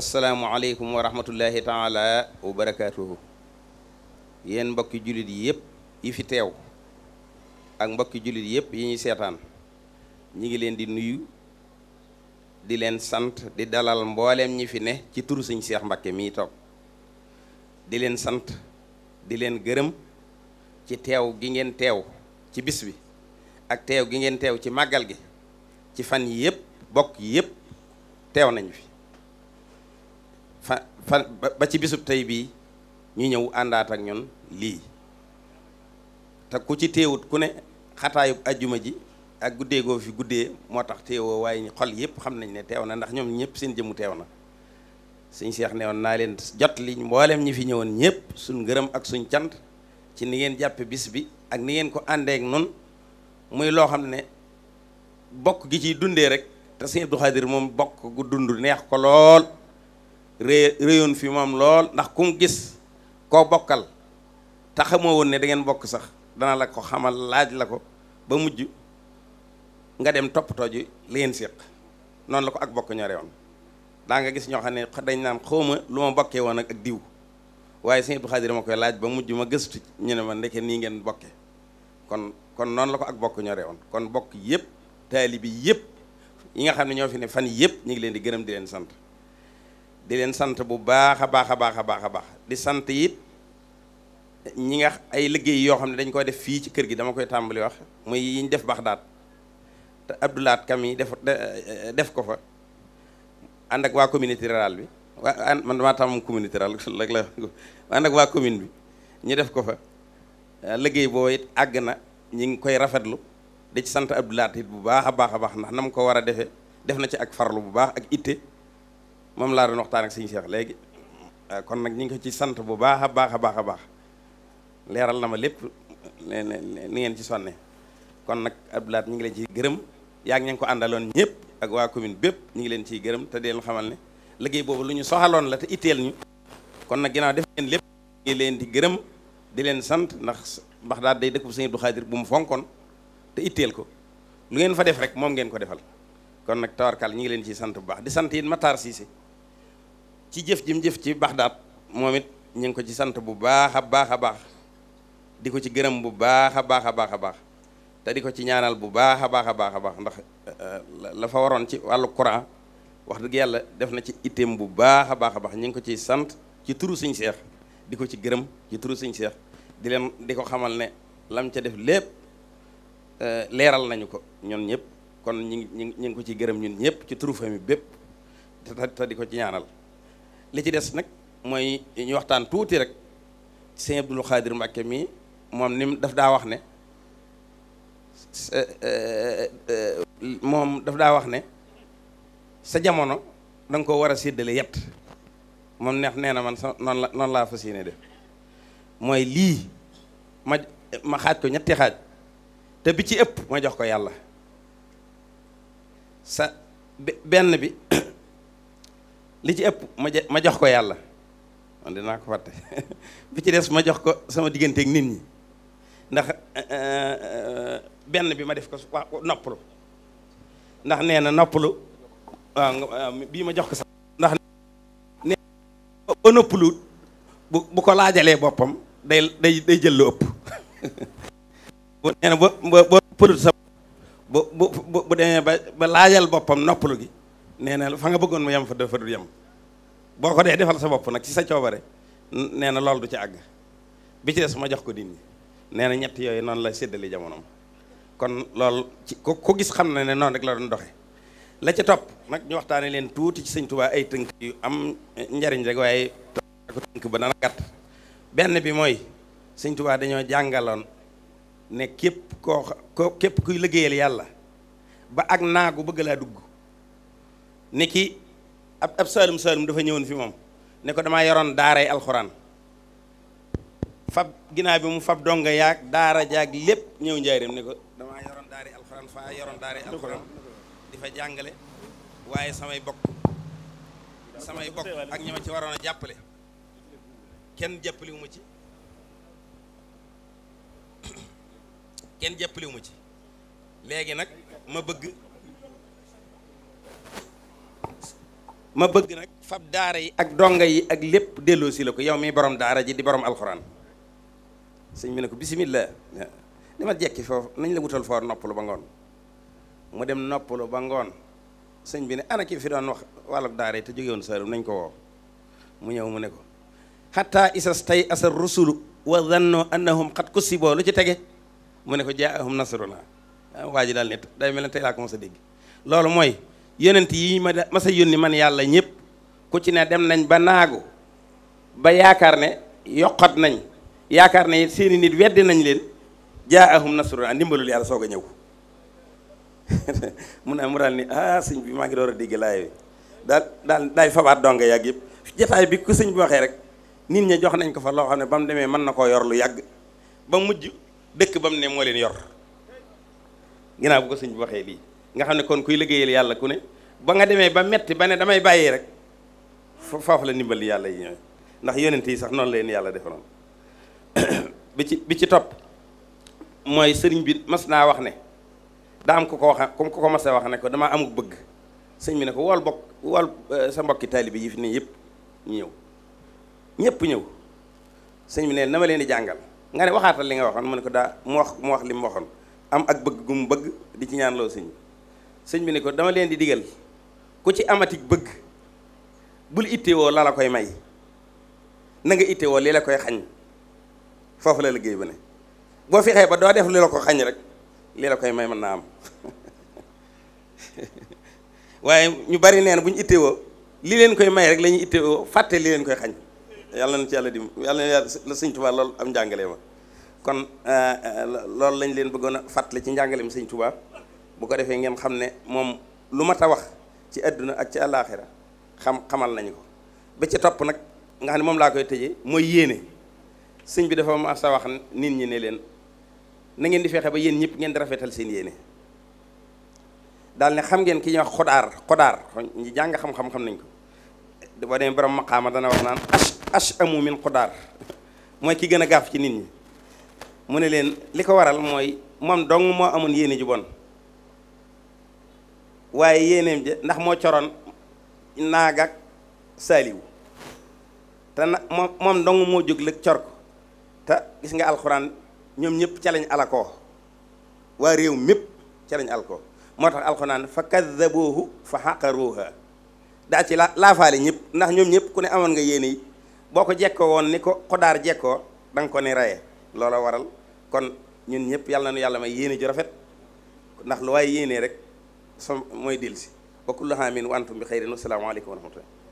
asalaamualeykum wa rahmatullahi taala wa barakaatuhu yéen mbokki jullit yi yëpp yi fi teew ak mbokki jullit yëpp yi ñuy seetaan ñi ngi leen di nuyu di leen sant di dalal mbooleem ñi fi ne ci turu sëñ Seex Mbakke mii toog di leen sant di leen gërëm ci teew gi ngeen teew ci bis bi ak teew gi ngeen teew ci màggal gi ci fan yi yëpp bokk yëpp teew nañu fi fa fa ba ci bisub tey bii ñu ñëw àndaat ak ñun lii te ku ci teewut ku ne xataayub ajjuma ji ak goo fi guddee moo tax teewoo waaye xol yëpp xam nañ ne teew na ndax ñoom ñëpp seen jëmu teew na suñ seex ne woon naa leen jot li mboolem ñi fi ñëwoon ñëpp suñ ngërëm ak suñ cant ci ni ngeen jàppe bis bi ak ni ngeen ko àndeek nun muy loo xam ne bokk gi ciy dundee rek te sëñ Abdou moom bokk gu dund neex ko lool ré réyoon fi moom lool ndax ku mu gis koo bokkal te xamoo woon ne da ngeen bokk sax dana la ko xamal laaj la ko ba mujj nga dem toppatoo ji li ngeen séq noonu la ko ak bokk ñore woon daa nga gis ñoo xam ne dañ naan xawma lu ma bokkee woon ak diw waaye sëñ Abdou Khadir koy laaj ba mujj ma gëstu ñu ne ma ndeke nii ngeen bokke kon kon noonu la ko ak bokk ñore woon kon bokk yëpp taalibi yëpp yi nga xam ne ñoo fi ne fan yëpp ñu ngi leen di gërëm di leen sant di leen sant bu baax a baax a baax a baax a baax di sant it ñi ngax ay liggéey yoo xam ne dañ koy def fii ci kër gi dama koy tàmbali wax muy ñu def baax daat te Abdoulaat kam yi def eh, def ko fa ànd ak waa communauté rurale bi waa man damaa tàmm communauté rurale rek la ànd ak waa commune bi ñu def ko fa eh, liggéey boo it àgg na ñi ngi koy rafetlu di ci sant Abdoulaat it bu baax a baax a baax ndax nam ko war a defee def na ci ak farlu bu baax ak itte moom laa doon waxtaan ak sëñ Cheikh léegi euh, kon nag ñu ngi ko ci sant bu baax a baax a baax a baax leeral na ma lépp ni ngeen ci sonne kon nag Abdoulaat ñu ngi leen ciy gërëm yaa ngi ko àndaloon ñëpp ak waa commune bépp ñu ngi leen ciy gërëm te di leen xamal ne liggéey boobu lu ñu soxaloon la te itteel ñu kon nag ginnaaw def ngeen lépp ngi leen di gërëm di leen sant ndax Baxdaad day dëkk bu sëñ Abdou Xaadir bu mu fonkoon te itteel ko lu ngeen fa def rek moom ngeen ko defal kon nag tawarkal ñi ngi leen ci sant bu baax di sant ma Matar Cissé ci jëf jim jëf ci Baxdaad moom it ñu ngi ko ci sant bu baax a baax a baax di ko ci gërëm bu baax a baax a baax a baax te di ko ci ñaanal bu baax a baax a baax a baax ndax la fa waroon ci wàllu courant wax dëgg yàlla def na ci item bu baax a baax a baax ñu ngi ko ciy sant ci turu suñ seex di ko ci gërëm ci turu suñ seex di leen di ko xamal ne lam ca def lépp leeral nañu ko ñoon ñëpp kon ñu ngi ñu ngi ko ci gërëm ñun ñëpp ci turu famille bépp te di ko ci ñaanal li ci des nag mooy ñu waxtaan tuuti rek sëñ Abdul Xaadir Mbàkke mi moom ni daf daa wax ne eh, eh, moom daf daa wax ne sa jamono da ko war a séddale yett moom neex nee na man sa noonu la noonu laa fas yéene def mooy lii ma ma xaaj ko ñetti xaaj te bi ci ëpp ma jox ko yàlla sa benn bi li ci ëpp ma ma jox ko yàlla man dinaa bi ci des ma jox ko sama digganteeg nit ñi ndax eh, eh, benn bi ma def ko waaw noppalu ndax nee na noppalu waaw bii ma jox ko sa ndax nee ba noppalu bu bu ko laajalee boppam day day day jël lu ëpp nee na ba ba noppalu bo bu bu demee ba ba laajal boppam noppalu gi nee na fa nga bëggoon mu yem fa fa du yem boo ko dee defal sa bopp nag ci sa coobare nee na loolu du ci àgg bi ci des ma jox ko nit ñi nee na ñett yooyu noonu la séddale jamonoom kon lool ci ku ku gis xam na ne noonu rek la doon doxe la ca topp nag ñu waxtaane leen tuuti ci sëñ Tuubaa ay tënk yu am njariñ rek waaye tënk ba dana gàtt benn bi mooy sëñ Tuubaa dañoo jàngaloon ne képp koo ko kuy liggéeyal yàlla ba ak naagu bëgg laa dugg ni ki ab ab saalum saalum dafa ñëwoon fi moom ne ko dama yoroon daaray alxuraan fab ginnaaw bi mu fab donga yaag daara jaag lépp ñëw njaareem ne ko yoroon daaray alxuraan faa yoroon daaray alxuraan di fa jàngale waaye samay bokk samay bokk ak ñi ci waroon a jàppale kenn jàppale wu ma ci kenn jàppalewu ma ci léegi nag ma bëgg ma bëgg nag fab daara yi ak donga yi ak lépp delloosi la ko yow mi borom daara ji di borom alxuraan sëñ bi ne ko bisimilah dama jekki foofu nañ la wutal foo noppalu ba ngoon mu dem noppalu ba ngoon sëñ bi ne ana ki fi doon wax wàllug yi te jóge woon saarum nañ ko woo mu ñëw mu ne ko xataa isas tay asar rusulu wa dannoo annahum xat kusiboo lu ci tege mu ne ko jaahum nasruna waa ji daal ne day mel ne tey laa ko mos a dégg loolu mooy yonent yi ma ma a yónni man yàlla ñëpp ku ci ne dem nañ ba naagu ba yaakaar ne yokkat nañ yaakaar ne seeni nit weddi nañ leen jaa jaahum nasruna ndimbalul yàlla soog a ñëw mun naa mu daal ni ah sëñ bi maa ngi door a dégg laay daal daal daay fabaat donga yàgg yëpp jataay bi ku sëñ bi waxee rek nit ñi jox nañ ko fa loo xam ne ba mu demee mën na koo yor lu yàgg dëkk ba mu ne moo leen yor ginnaaw bu ko sëñ bu waxee lii nga xam ne kon kuy liggéeyal yàlla ku ne ba nga demee ba metti ba ne damay bàyyi rek foofu la ndimbal yàlla yi ñooy ndax yonent yi sax noonu leen yàlla defaroon bi ci bi ci topp mooy sëriñ bi mas naa wax ne daa am ko ko wax comme ko ko mas a wax ne ko damaa amuk bëgg sëñ bi ne ko wool bokk wool eh, sa mbokki taalibe yi fi ne yëpp ñu ñëw ñépp ñëw sëñ bi ne na ma leen di jàngal nga ne waxaatal li nga waxoon mu ne ko daa mu wax mu wax li mu waxoon am ak bëgg gu mu bëgg di ci ñaan loo sëñ bi sëñ bi ne ko dama leen di digal ku ci amatik bëgg bul woo la la koy may nanga nga ittewoo li la koy xañ foofu la liggéey ba ne boo fexee ba doo def li ko xañ rek li la koy may mën naa am waaye ñu bari neen bu ñu ittewoo li leen koy may rek la ñuy ittewoo fàtte li leen koy xañ yàlla na ci yàlla dim yàlla na la sëñ am njàngale ma kon eh, eh, loolu lañ leen bëggoon a fàttali ci njàngaleem sëñ Tuubaa bu ko defee ngeen xam ne moom lu mat a wax ci àdduna ak ci àllaaxira xam xamal nañu ko ba ci topp nag nga xam moom laa koy tëjee mooy yéene sëñ bi dafa ma sa wax nit ñi ne leen na ngeen di fexe ba yéen ñëpp ngeen di rafetal seen yéene daal xam ngeen ki ñuy wax xodaar ñi jàng xam nañ ko boo demee borom maqaama dana wax naan ashamu min xudaar mooy ki gën a gaaf ci nit ñi mu ne leen li ko waral mooy moom dong moo amoon yéene ju bon waaye yéeneem ja ndax moo coroon naagak saaliwu te na moom dong moo jóg lëg cor te gis nga alxuraan ñoom ñëpp ca lañ alakoo waa réew mépp ca lañ alakoo moo tax alxuraan fa kaddabuuhu fa xaqaruuha daa ci la laafaale ñëpp ndax ñoom ñëpp ku ne amoon nga yéene yi boo ko jekkoo woon ni ko ko daar jekkoo da nga ne ni raye loola waral kon ñun ñëpp yàlla na nu yàlla may yéene ju rafet ndax lu waaye yéenee rek so mooy delsi wa kullu haamin wa antum bi xayrin wa salaamu aleykum wa